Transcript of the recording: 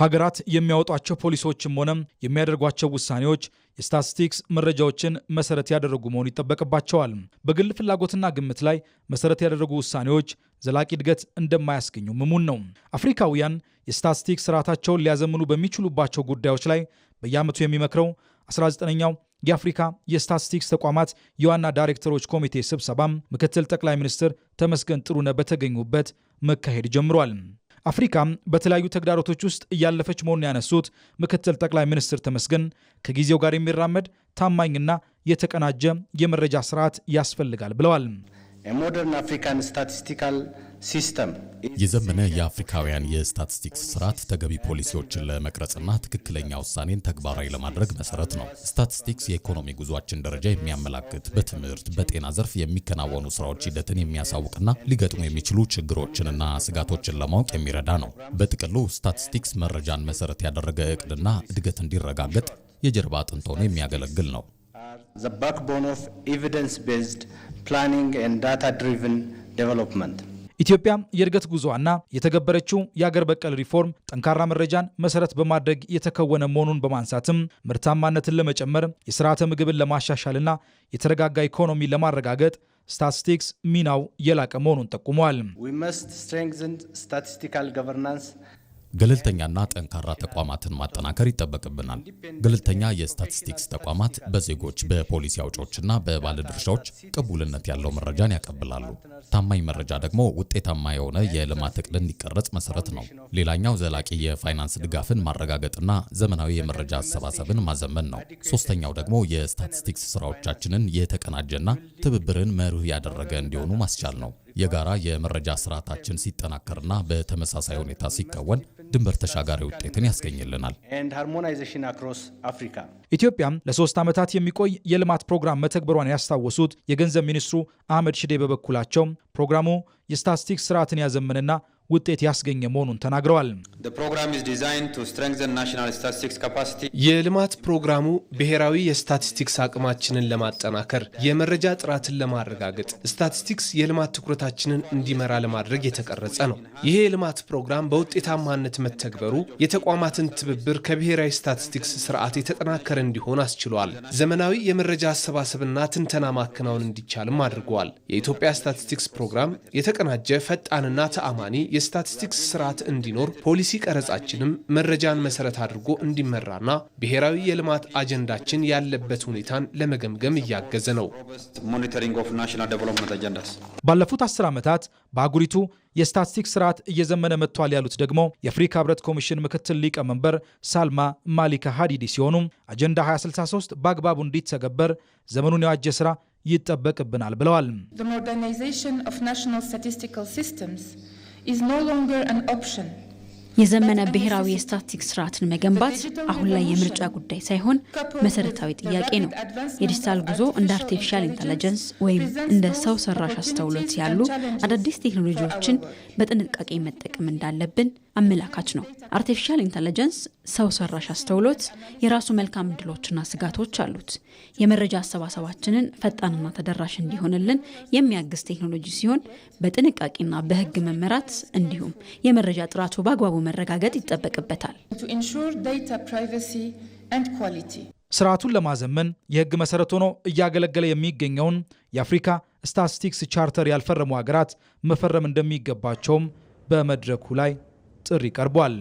ሀገራት የሚያወጧቸው ፖሊሲዎችም ሆነ የሚያደርጓቸው ውሳኔዎች የስታትስቲክስ መረጃዎችን መሰረት ያደረጉ መሆን ይጠበቅባቸዋል። በግል ፍላጎትና ግምት ላይ መሰረት ያደረጉ ውሳኔዎች ዘላቂ እድገት እንደማያስገኙ ምሙን ነው። አፍሪካውያን የስታትስቲክስ ስርዓታቸውን ሊያዘምኑ በሚችሉባቸው ጉዳዮች ላይ በየዓመቱ የሚመክረው 19ኛው የአፍሪካ የስታትስቲክስ ተቋማት የዋና ዳይሬክተሮች ኮሚቴ ስብሰባ ምክትል ጠቅላይ ሚኒስትር ተመስገን ጥሩነህ በተገኙበት መካሄድ ጀምሯል። አፍሪካም በተለያዩ ተግዳሮቶች ውስጥ እያለፈች መሆኑን ያነሱት ምክትል ጠቅላይ ሚኒስትር ተመስገን ከጊዜው ጋር የሚራመድ ታማኝና የተቀናጀ የመረጃ ስርዓት ያስፈልጋል ብለዋል። የዘመነ የአፍሪካውያን የስታቲስቲክስ ስርዓት ተገቢ ፖሊሲዎችን ለመቅረጽና ትክክለኛ ውሳኔን ተግባራዊ ለማድረግ መሰረት ነው። ስታቲስቲክስ የኢኮኖሚ ጉዟችን ደረጃ የሚያመላክት በትምህርት፣ በጤና ዘርፍ የሚከናወኑ ስራዎች ሂደትን የሚያሳውቅና ሊገጥሙ የሚችሉ ችግሮችንና ስጋቶችን ለማወቅ የሚረዳ ነው። በጥቅሉ ስታቲስቲክስ መረጃን መሰረት ያደረገ እቅድና እድገት እንዲረጋገጥ የጀርባ አጥንት ሆኖ የሚያገለግል ነው። the backbone of evidence-based planning and data-driven development. ኢትዮጵያ የእድገት ጉዞዋና የተገበረችው የአገር በቀል ሪፎርም ጠንካራ መረጃን መሰረት በማድረግ የተከወነ መሆኑን በማንሳትም ምርታማነትን ለመጨመር የስርዓተ ምግብን ለማሻሻልና የተረጋጋ ኢኮኖሚ ለማረጋገጥ ስታትስቲክስ ሚናው የላቀ መሆኑን ጠቁመዋል። ገለልተኛና ጠንካራ ተቋማትን ማጠናከር ይጠበቅብናል። ገለልተኛ የስታቲስቲክስ ተቋማት በዜጎች በፖሊሲ አውጪዎችና በባለድርሻዎች ቅቡልነት ያለው መረጃን ያቀብላሉ። ታማኝ መረጃ ደግሞ ውጤታማ የሆነ የልማት እቅድ እንዲቀረጽ መሰረት ነው። ሌላኛው ዘላቂ የፋይናንስ ድጋፍን ማረጋገጥና ዘመናዊ የመረጃ አሰባሰብን ማዘመን ነው። ሶስተኛው ደግሞ የስታቲስቲክስ ስራዎቻችንን የተቀናጀና ትብብርን መርህ ያደረገ እንዲሆኑ ማስቻል ነው። የጋራ የመረጃ ስርዓታችን ሲጠናከርና በተመሳሳይ ሁኔታ ሲከወን ድንበር ተሻጋሪ ውጤትን ያስገኝልናል። ኢትዮጵያም ለሶስት ዓመታት የሚቆይ የልማት ፕሮግራም መተግበሯን ያስታወሱት የገንዘብ ሚኒስትሩ አህመድ ሽዴ በበኩላቸው ፕሮግራሙ የስታትስቲክስ ስርዓትን ያዘመንና ውጤት ያስገኘ መሆኑን ተናግረዋል። የልማት ፕሮግራሙ ብሔራዊ የስታቲስቲክስ አቅማችንን ለማጠናከር፣ የመረጃ ጥራትን ለማረጋገጥ፣ ስታቲስቲክስ የልማት ትኩረታችንን እንዲመራ ለማድረግ የተቀረጸ ነው። ይሄ የልማት ፕሮግራም በውጤታማነት መተግበሩ የተቋማትን ትብብር ከብሔራዊ ስታቲስቲክስ ስርዓት የተጠናከረ እንዲሆን አስችሏል። ዘመናዊ የመረጃ አሰባሰብና ትንተና ማከናወን እንዲቻልም አድርገዋል። የኢትዮጵያ ስታቲስቲክስ ፕሮግራም የተቀናጀ ፈጣንና ተአማኒ የስታቲስቲክስ ስርዓት እንዲኖር ፖሊሲ ቀረጻችንም መረጃን መሰረት አድርጎ እንዲመራና ብሔራዊ የልማት አጀንዳችን ያለበት ሁኔታን ለመገምገም እያገዘ ነው። ባለፉት አስር ዓመታት በአጉሪቱ የስታቲስቲክስ ስርዓት እየዘመነ መጥቷል ያሉት ደግሞ የአፍሪካ ህብረት ኮሚሽን ምክትል ሊቀመንበር ሳልማ ማሊካ ሀዲዲ ሲሆኑ አጀንዳ 2063 በአግባቡ እንዲተገበር ዘመኑን የዋጀ ስራ ይጠበቅብናል ብለዋል። የዘመነ ብሔራዊ የስታቲክ ስርዓትን መገንባት አሁን ላይ የምርጫ ጉዳይ ሳይሆን መሰረታዊ ጥያቄ ነው። የዲጂታል ጉዞ እንደ አርቲፊሻል ኢንተለጀንስ ወይም እንደ ሰው ሰራሽ አስተውሎት ያሉ አዳዲስ ቴክኖሎጂዎችን በጥንቃቄ መጠቀም እንዳለብን አመላካች ነው። አርቲፊሻል ኢንተለጀንስ ሰው ሰራሽ አስተውሎት የራሱ መልካም እድሎችና ስጋቶች አሉት። የመረጃ አሰባሰባችንን ፈጣንና ተደራሽ እንዲሆንልን የሚያግዝ ቴክኖሎጂ ሲሆን በጥንቃቄና በሕግ መመራት እንዲሁም የመረጃ ጥራቱ በአግባቡ መረጋገጥ ይጠበቅበታል። ስርዓቱን ለማዘመን የሕግ መሰረት ሆኖ እያገለገለ የሚገኘውን የአፍሪካ ስታቲስቲክስ ቻርተር ያልፈረሙ ሀገራት መፈረም እንደሚገባቸውም በመድረኩ ላይ ጥሪ ቀርቧል።